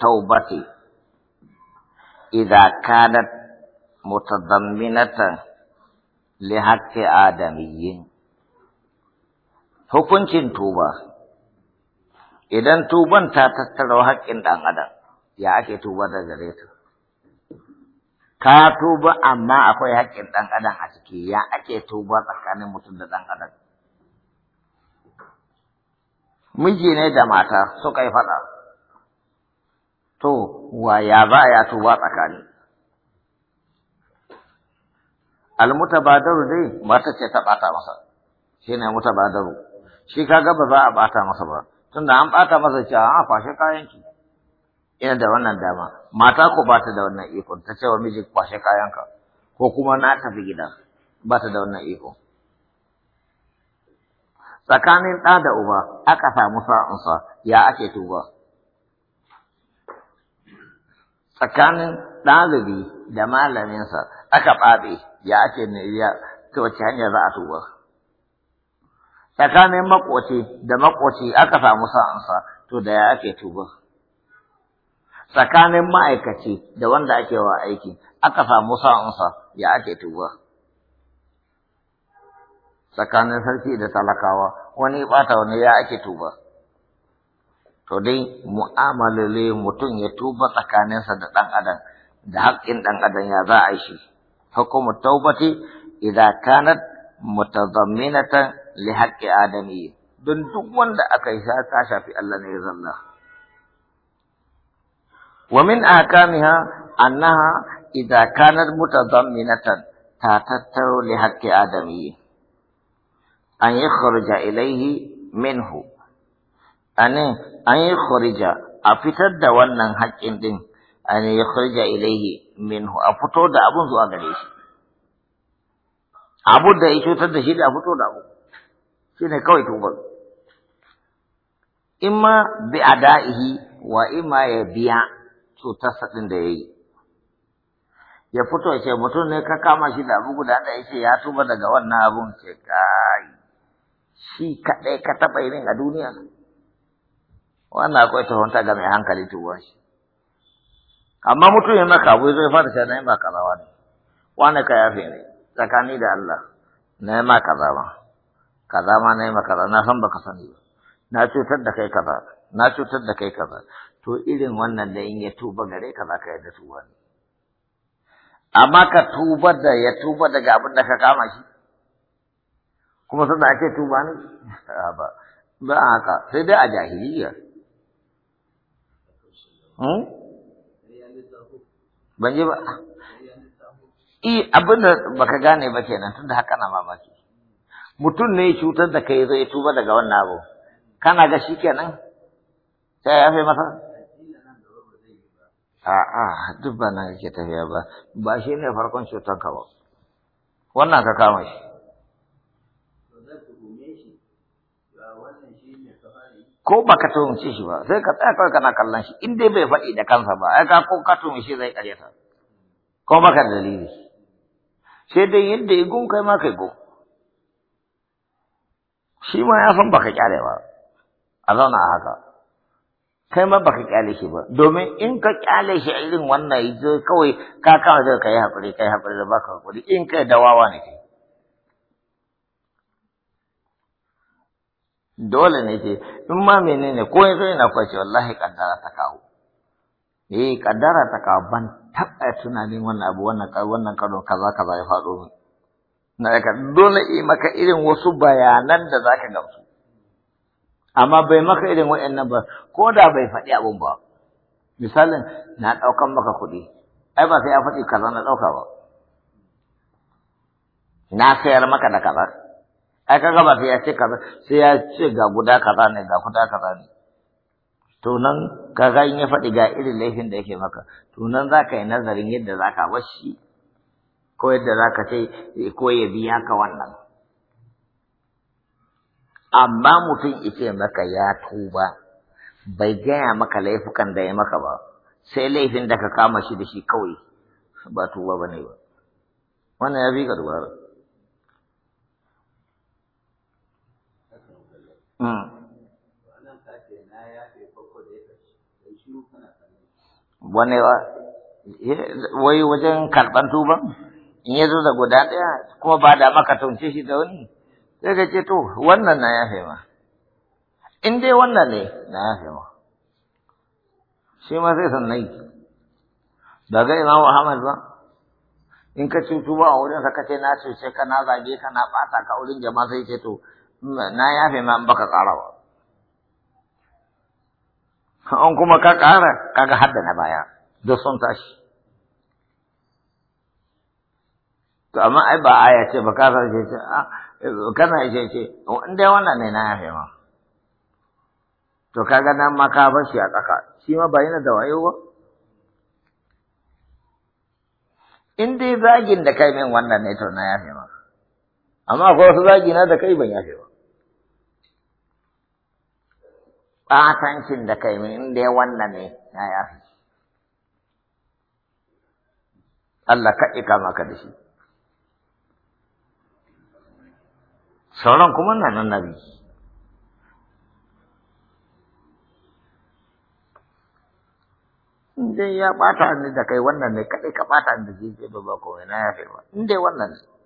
idza kanat كانت li haqqi adamiyyin hukuncin tuba idan tuban ta tattara haƙƙin ɗan adam ya ake tuba da gare ta ka tuba amma akwai haƙƙin ɗan adam a ciki ya ake tuba tsakanin mutum da ɗan adam miji ne da mata suka yi faɗa to wa ya za ya tuba tsakani almutabadaru dai mata ce ta bata masa shine mutabadaru shi kaga ba za a bata masa ba tunda an bata masa cewa a kwashe kayan ki ina da wannan dama mata ko ba ta da wannan iko, ta ce wa miji kwashe kayanka ko kuma na tafi gida ba ta da wannan iko. tsakanin ɗa da uba aka samu sa'unsa ya ake tuba tsakanin ɗalibi da malaminsa aka faɗi ya ake ne ta wace hanya za a tuba tsakanin makoci da makoci aka samu sa'ansa to da ya ake tuba tsakanin ma'aikaci da wanda ake wa aiki aka samu sa'ansa ya ake tuba tsakanin sarki da talakawa wani ɓata wani ya ake tuba to dai mu'amalale mutun ya tuba sa da dan adam da haƙƙin dan adam ya za a yi shi hukumu taubati idan kanat mutazamminatan li haqqi adami don duk wanda aka yi ta shafi Allah ne zalla wa min ahkamiha annaha idza kanat mutazamminatan ta tattaro li haqqi adami an yakhruja ilayhi minhu ane an yi kharija a fitar da wannan haƙƙin ɗin an yi kharija ilaihi minhu a fito da abun zuwa gare shi abu da ya cutar da shi da a fito da abu shi ne kawai tubar imma bi ada'ihi wa imma ya biya cutarsa ɗin da ya yi ya fito ce mutum ne ka kama shi da abu guda da ce ya tuba daga wannan abun ce kai shi kaɗai ka taɓa yin a duniya wannan akwai tuhunta ga mai hankali tuwon shi amma mutum ya maka abu zai fara shi na yi maka zawa ne wani ka yafe ne tsakani da Allah na yi kaza ma kaza ma na yi ma zawa na san baka sani ba na cutar da kai kaza na cutar da kai kaza to irin wannan da in ya tuba gare ka za ka yarda tuba ne amma ka tuba da ya tuba daga abin da ka kama shi kuma sanda ake tuba ne ba ba haka sai dai a jahiliya Hmm? Ban ji ba. I abin da baka gane ba kenan tunda haka na mamaki. Mutum ne cutar da kai zai tuba daga wannan abu. Kana ga shi kenan? Sai ya fi masa? A'a, duk ba na tafiya ba, ba shi ne farkon cutar ka ba. Wannan ka kama shi. ko ba ka tuhumce shi ba sai ka tsaya kawai kana kallon shi in dai bai faɗi da kansa ba ai ka ko ka tuhumce zai ƙaryata ko ba ka dalili sai dai yadda ya gun kai ma kai gun shi ma ya san baka kyale ba a zauna a haka kai ma baka kyale shi ba domin in ka kyale shi a irin wannan kawai ka kawai yi haƙuri hakuri kai haƙuri da baka haƙuri in kai dawawa ne kai dole ne ce in ma menene ko yanzu ina kwace wallahi kaddara ta kawo eh kaddara ta kawo ban taɓa tunanin wannan abu wannan wannan karo kaza kaza ya faɗo min na ka dole yi maka irin wasu bayanan da zaka gamsu amma bai maka irin wa'annan ba ko da bai faɗi abun ba misalin na ɗaukan maka kuɗi ai ba sai ya faɗi kaza na ɗauka ba na sayar maka da kaza ai kaga ba sai ya ce kaza sai ya ce ga guda kaza ne ga guda kaza ne to nan kaga in ya faɗi ga irin laifin da yake maka to nan za ka yi nazarin yadda za ka bar shi ko yadda za ka ce ko ya biya ka wannan amma mutum ce maka ya tuba bai gaya maka laifukan da ya maka ba sai laifin da ka kama shi da shi kawai ba tuba ba ne ba wannan ya fi ka dubara Hmm. Wane wai wajen karɓar tuban in ya zo da guda ɗaya kuma ba da maka tunce shi da wani sai ka ce to wannan na yafe ma in dai wannan ne na yafe ma shi ma sai sannai ba ga imamu Muhammad ba in ka cutu tuba a wurin sa kace na cuce ka na zage ka na ɓata ka wurin jama'a sai ce to na yafe ma in baka ƙara ba an kuma ka ƙara kaga hadda na baya duk sun tashi to amma ai ba aya ce ba kasar ce ce kana ce ce in dai wannan ne na yafe ma to kaga nan ma ka bar shi a tsaka shi ma ba yana da wayo ba in dai zagin da kai min wannan ne to na yafe ma amma akwai wasu zagina da kai ban yafe ba ɓatancin da kai min inda ya wannan ne ya yafi Allah ka ika maka da shi sauran kuma na nan nabi in ya ɓata ni da kai wannan ne kaɗai ka ɓata ni da shi ba ko komai na yafe ba in wannan ne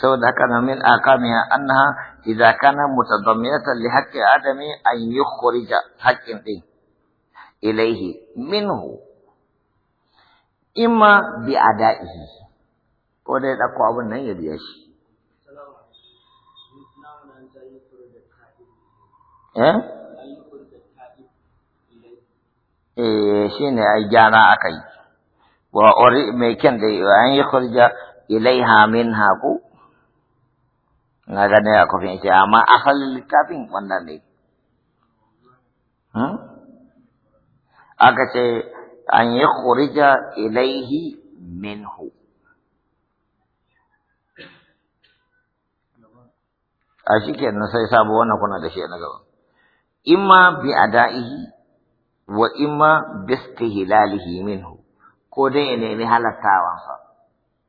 saboda haka na min aqamiha annaha idza kana mutadamminatan li haqqi adami an yukhrija haqqin din ilayhi minhu imma bi ada'ihi ko dai ko abun nan ya biya shi eh eh shine ai gyara kai. wa ori mai kyan da an yi khurja ilaiha minha ku na gane a kofin ita amma asalin littafin wannan ne hmm? aka ce an yi kurija ilaihi minhu a shi nan sai sabu wannan kuna da shi na gaba imma bi ada'ihi wa imma hilalihi min minhu ko dai ya nemi halattawansa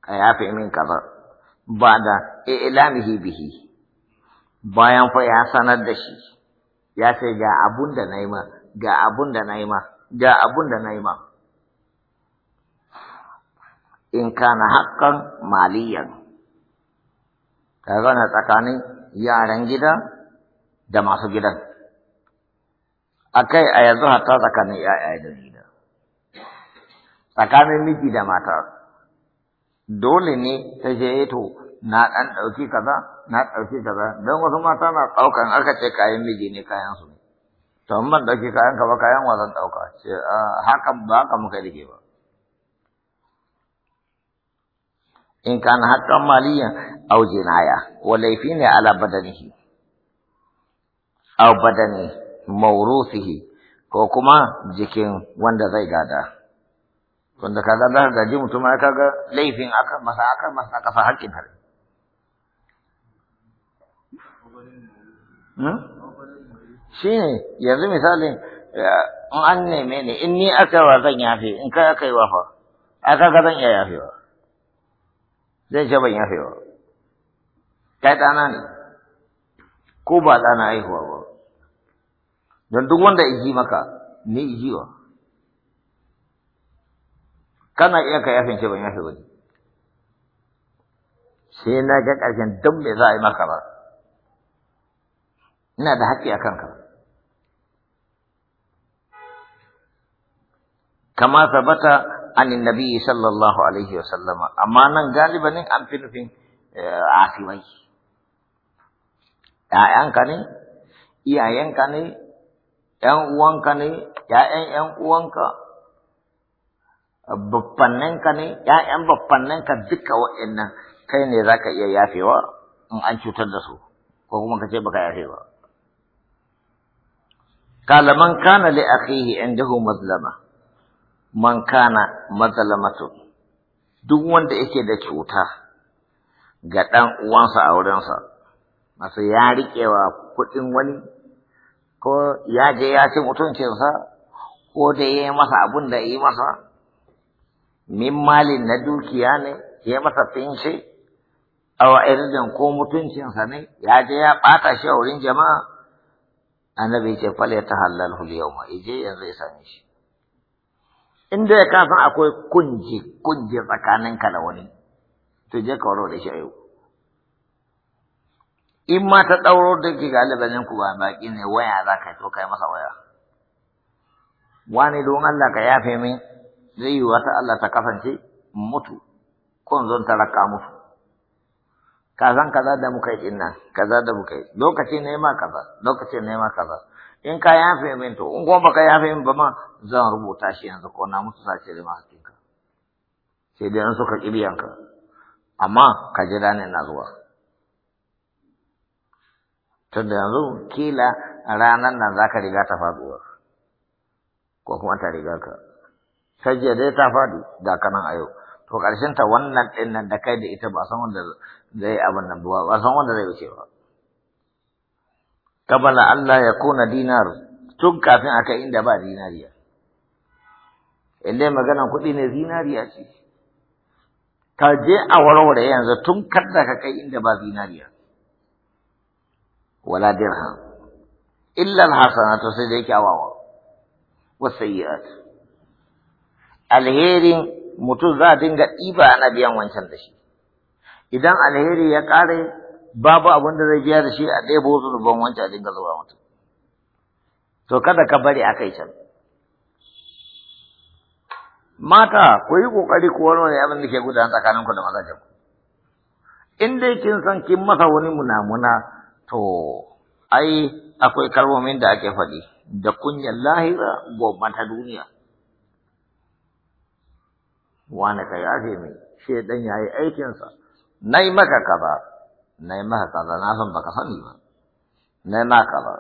ka yafe min kaza ba da ilamihi bihi bayan fa ya sanar da shi ya ce ga abun da na ma ga abun da na ma ga abun da na ma in kana haƙƙan maliyan ka gana tsakanin yaran gida da masu gidan akai a yanzu hatta tsakanin ya'ya da gida tsakanin miji da mata dole ne ta je to na ɗan ɗauki kaza na ɗauki kaza don wasu mata na ɗauka ɗaukan aka ce kayan miji ne kayan su ne to in ban ɗauki kayan ka ba kayan wa zan ɗauka ce haka ba haka muka rike ba in kana haƙƙan maliya au jinaya wa laifi ne ala badanihi Au badani maurusihi, ko kuma jikin wanda zai gada wanda kaga za gaji mutum kaga laifin aka masa aka masa aka sa haƙƙin har Hmm? shi ne yanzu misali, eh, in an neme ni in ni aka wa zan yafe in kai aka yi wa fa aka ga zan iya yafewa zai ce ban yafewa kai ɗana ne ko ba ɗana haihuwa ba don duk wanda iji maka ni ijiwa kana iya ka yafin ce ban yafe ba sai na ga ƙarshen duk me za a yi maka ba ina da haƙƙi a kanka kama sabata an nabi sallallahu alaihi wa sallama amma nan galibanin an fi nufin eh, asibai ‘ya'yanka ne iyayenka ne ‘yan uwanka ne ‘ya'yan ‘yan uwanka babbanninka ne ‘ya'yan babbanninka duka wa'innan kai ne za ka iya yafewa in an cutar da su ko kuma ka ce baka yafe ba قال من كان لأخيه عنده مظلمة من كان مظلمة duk wanda yake da cuta ga ɗan uwansa a wurinsa masu ya riƙewa kuɗin wani ko ya je ya ci mutuncinsa ko da ya yi masa abin da ya yi masa min malin na dukiya ne ya masa finshi, a wa'irin ko mutuncinsa ne ya je ya ɓata shi a wurin jama'a annabi ce fal ya tahallal hul yawma ije yanzu ya same shi inda ya kasan akwai kunji tsakanin tsakaninka da wani to je ka waro da shi a in ma ta ɗauro da ga galibanin ku ba baki ne waya za ka to kai masa waya wani don Allah ka yafe min zai yi wata Allah ta kasance mutu kun zon ta raka mutu kazan kaza da muka yi dinnan kaza da muka yi lokaci ne ma kaza lokaci ne ma kaza in ka yafe min to in kuma baka yafe min ba ma zan rubuta shi yanzu ko na mutu sace da ka. sai dai an suka ka, amma ka ji ne na zuwa tunda yanzu kila ranar nan ka riga ta faduwa ko kuma ta riga ka sai dai ta faɗi da kanan a yau to ƙarshen ta wannan ɗin nan da kai da ita ba san wanda zai abin nan ba ba san wanda zai wuce ba kabala Allah ya kona dinar tun kafin a kai inda ba dinariya indai maganan kuɗi ne zinariya ce ka je a warware yanzu tun kada ka kai inda ba zinariya wala dirham illa alhasanatu sai dai kyawawa wasayyi'at alherin mutum za a dinga ɗiba ana biyan wancan da shi. Idan alheri ya ƙare babu abin da zai biya da shi a ɗebo da ban wancan a dinga zuwa mutum. To kada ka bari a kai can. Mata, ku yi ƙoƙari ku wani abin da ke gudana tsakaninku da mazajen ku. In dai kin san kin masa wani munamuna to ai akwai kalmomin da ake faɗi da kunyar lahira gobe ta duniya. wani ka yafe mai dan ya yi aikinsa na yi maka kaza na yi maka kaza na san baka sani ba na yi maka kaza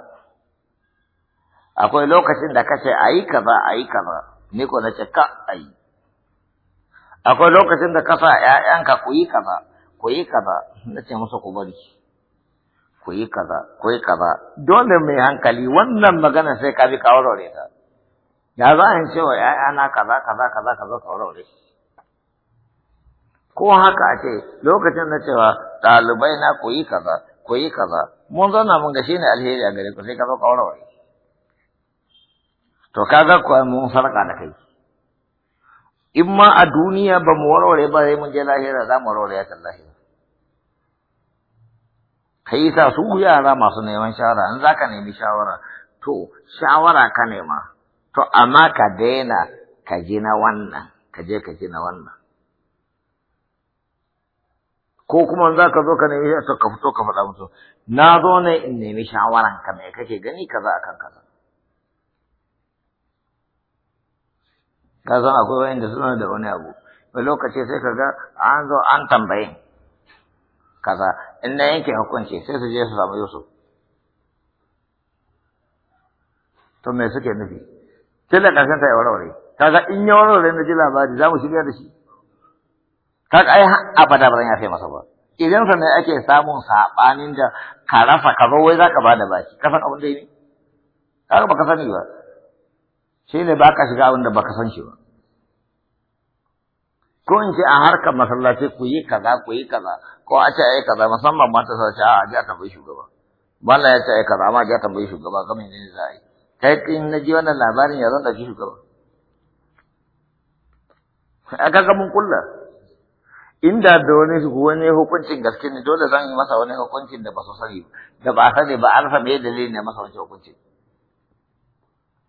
akwai lokacin da kace a yi kaza a yi kaza ni ko na ce ka a yi akwai lokacin da kasa ƴaƴanka ku yi kaza ku yi kaza na ce musu ku bari ku yi kaza ku yi kaza dole mai hankali wannan magana sai ka bi ka warware ta ya za a yi cewa ‘ya'yana kaza kaza kaza kaza ka aurore shi ko haka a ce lokacin na cewa ɗalibai na koyi kaza koyi kaza mun zauna mun ga shine alheri a gare ku sai ka zo kawarware to kaga kuwa mun sarka da kai in ma a duniya ba mu warware ba sai mun je lahira za mu warware ta lahira kai sa su yara masu neman shawara in zaka nemi shawara to shawara ka nema to amma ka daina ka ji na wannan ka je ka ji na wannan ko kuma za ka zo ka nemi a ka fito ka faɗa musu na zo ne in nemi shawaran ka me kake gani kaza akan kaza ka san akwai wanda suna da wani abu wani lokaci sai ka ga an zo an tambaye kaza in na yanke hukunci sai su je su samu Yusuf to me suke nufi tun da ƙarshen ta ya warware ga in ya warware na ji labari za mu shirya da shi kaga ai abada bada zan yafe masa ba idan sa ne ake samun sabanin da ka rafa ka zo wai za ka bada baki ka san abin da ne kaga baka sani ba shi ne baka shiga abin da baka san shi ba ko in ce a harkar masallaci ku yi kaza ku yi kaza ko a ce ai kaza musamman mata sa ah, ce a ja tambayi shugaba balla ya ce ai kaza amma ja tambayi shugaba ga menene za a yi kai in na ji wannan labarin ya zan dauki shugaba a kaga mun kulla inda da wani wani hukuncin gaske ne dole zan yi masa wani hukuncin da ba su sani da ba sani ba an san me dalilin ne masa wani hukuncin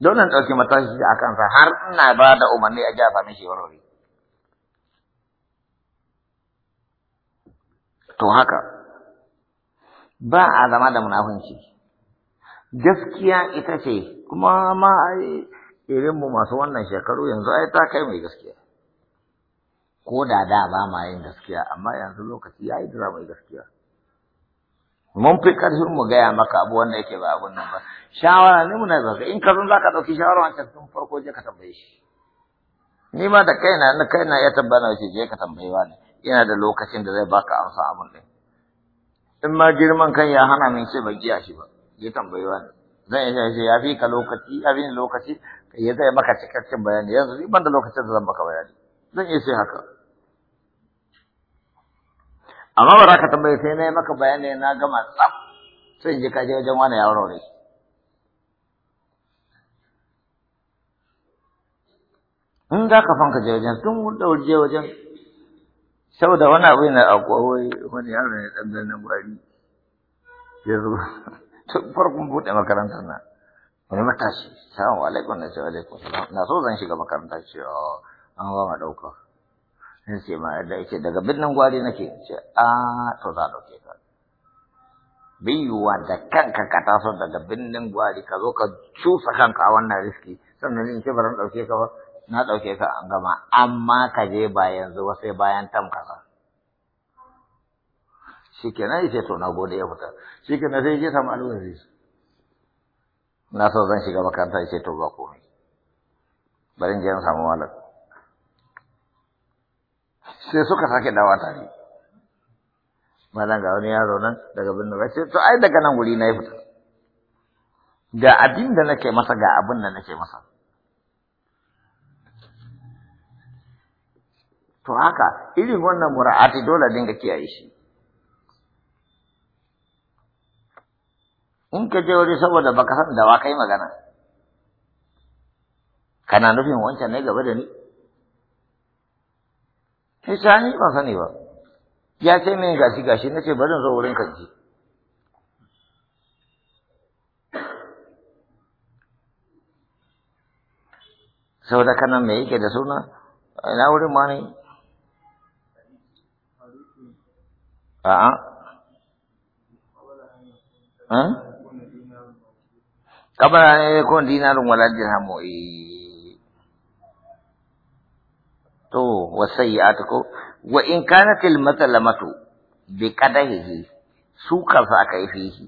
dole in ɗauki matashi a kansa har ina ba da umarni a jafa mishi warware to haka ba a zama da munafunci gaskiya ita ce kuma ma ai irinmu masu wannan shekaru yanzu ai ta kai mai gaskiya ko da da ba ma yin gaskiya amma yanzu lokaci ya yi dura mai gaskiya mun fi ƙarfin mu gaya maka abu wanda yake ba abun nan ba shawara ne muna zaka in ka zo za ka ɗauki shawara wancan tun farko je ka tambaye shi ni ma da kaina na kaina ya tabbana shi je ka tambaye wani ina da lokacin da zai baka amsa abun din in ma girman kan ya hana min ce ban giya shi ba je tambaye wani zan iya shi ya fi ka lokaci ya fi lokaci ya zai maka cikakken bayani yanzu ni ban da lokacin da zan baka bayani zan iya sai haka amma ba za ka tambaye sai na yi maka bayani na gama tsaf sai ji je ka je wajen wani ya ne in za ka fanka je wajen sun mun ɗauri je wajen saboda wani abu yana akwai wani yaro ne ɗan birnin gwari ya zo tun farkon buɗe makarantar na wani matashi salamu alaikum na ce alaikum salam na so zan shiga makarantar ce oh, an ba ma ɗaukar in ce ma yadda yake daga birnin gwari nake ce a to za dauke ka biyuwa da kanka ka taso daga birnin gwari ka zo ka cusa kanka a wannan riski sannan in ce baran dauke ka ba na dauke ka an gama amma ka je ba yanzu ba sai bayan tamka Shi ke shikenan yace to na gode ya fita nan sai je samu alwazi na so zan shiga makaranta yace to ba komai bari in je samu malam sai suka sake dawa tare malam ga wani yaro nan daga birnin rai sai to ai daga nan wuri na ya fita ga abin da nake masa ga abin da nake masa to haka irin wannan mura'ati dole dinga kiyaye shi in ka je wuri saboda baka san da wa kai magana kana nufin wancan ne gaba da ni sai ta ni ban sani ba ya ce min gashi gashi na ce zan zo wurin kanji saboda kana me yake da suna ina wurin ma ne a'a hm? kabara ne kon dinarin waladin dirhamu eh to wasayyatu ko wa in kanat al matlamatu bi qadahihi su ka fa kai fihi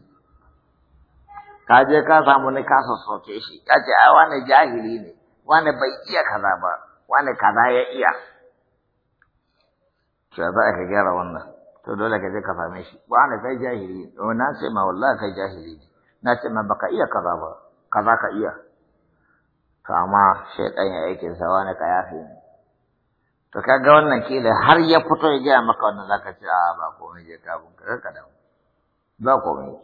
ka je ka samu ne ka sassoke shi ka ce ai wani jahili ne wani bai iya kaza ba wani kaza ya iya to za ka gyara wannan to dole ka je ka same shi wani kai jahili ne oh, na ce ma wallahi kai jahili ne na ce ma baka iya kaza ba kaza ka iya to amma shaidan ya aikin sa wani ka ne to kaga wannan kila har ya fito ya gaya maka wannan ka ce a ba komai je ka bunka kar ka damu ba komai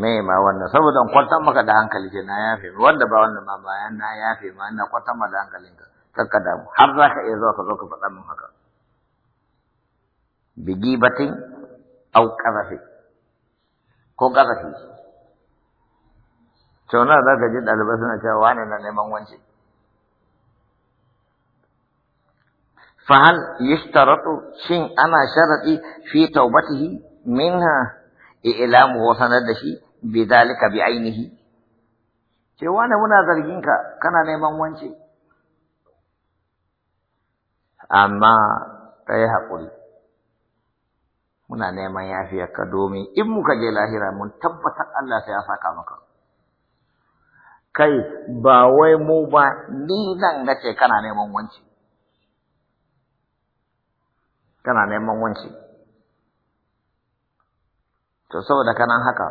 me ma wannan saboda kwantar maka da hankali ce na yafe wanda ba wannan ma bayan na yafe ma ina kwantar maka da hankali kar ka damu har za ka iya zuwa ka zo ka faɗa min haka Bigi batin au ƙarafi ko ƙarafi. to na za ka ji ɗalibai suna cewa wane na neman wancan فهل يشترط شن أنا شرطي في توبته منها إعلام da بذلك بعينه cewa ne muna zarginka kana neman wance amma ka yi haƙuri muna neman yafiyarka domin in muka je lahira mun tabbatar Allah sai ya saka maka kai ba wai mu ba ni nan nace kana neman wance kana neman wanci to saboda kanan haka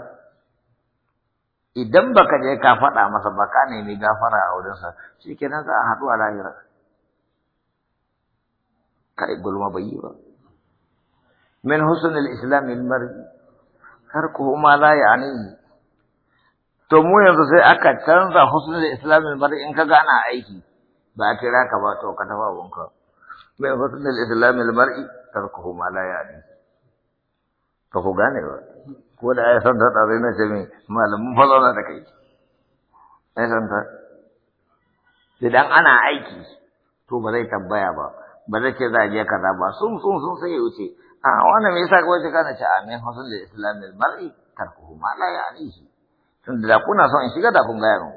idan baka je ka faɗa masa ba ka nemi gafara a wurinsa shi kenan za a haɗu a lahira kai gulma bai yi ba min husnul islam al har ko ma la ya'ni to mu yanzu sai aka canza husnul islam al mar'i in kaga ana aiki ba a kira ka ba to ka tafa wanka mai husnul islamil mar'i tarkuhu ma la ya'ni ka ku gane ba ko da ai san ta tare na ce mai malamin fazauna da kai ai san ta idan ana aiki to ba zai tambaya ba ba zai ce za a kaza ba sun sun sun sai wuce a wannan me yasa kawai kana ce amin husnul islamil mar'i tarkuhu ma la ya'ni tun da kuna son in shiga da kun gaya mu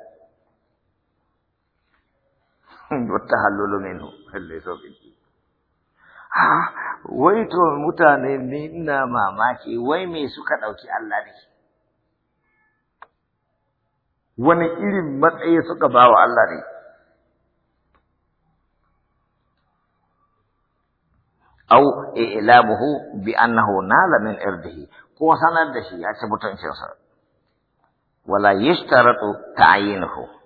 والتحلل منه اللي يسوق A wai to mutane ne ina mamaki wai me suka ɗauki Allah ne. Wani irin matsayi suka ba wa Allah ne. Au ilamuhu bi annahu nala min irdihi ko sanar da shi ya ci mutuncinsa. Wala yishtaratu ta'yinuhu.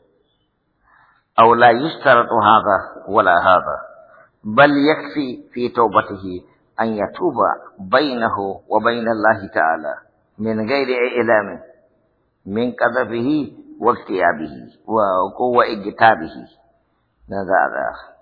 أو la يشترط hadha wala hadha بل يكفي في توبته أن يتوب بينه وبين الله تعالى من غير إعلام من قذفه واكتئابه وقوة اجتابه هذا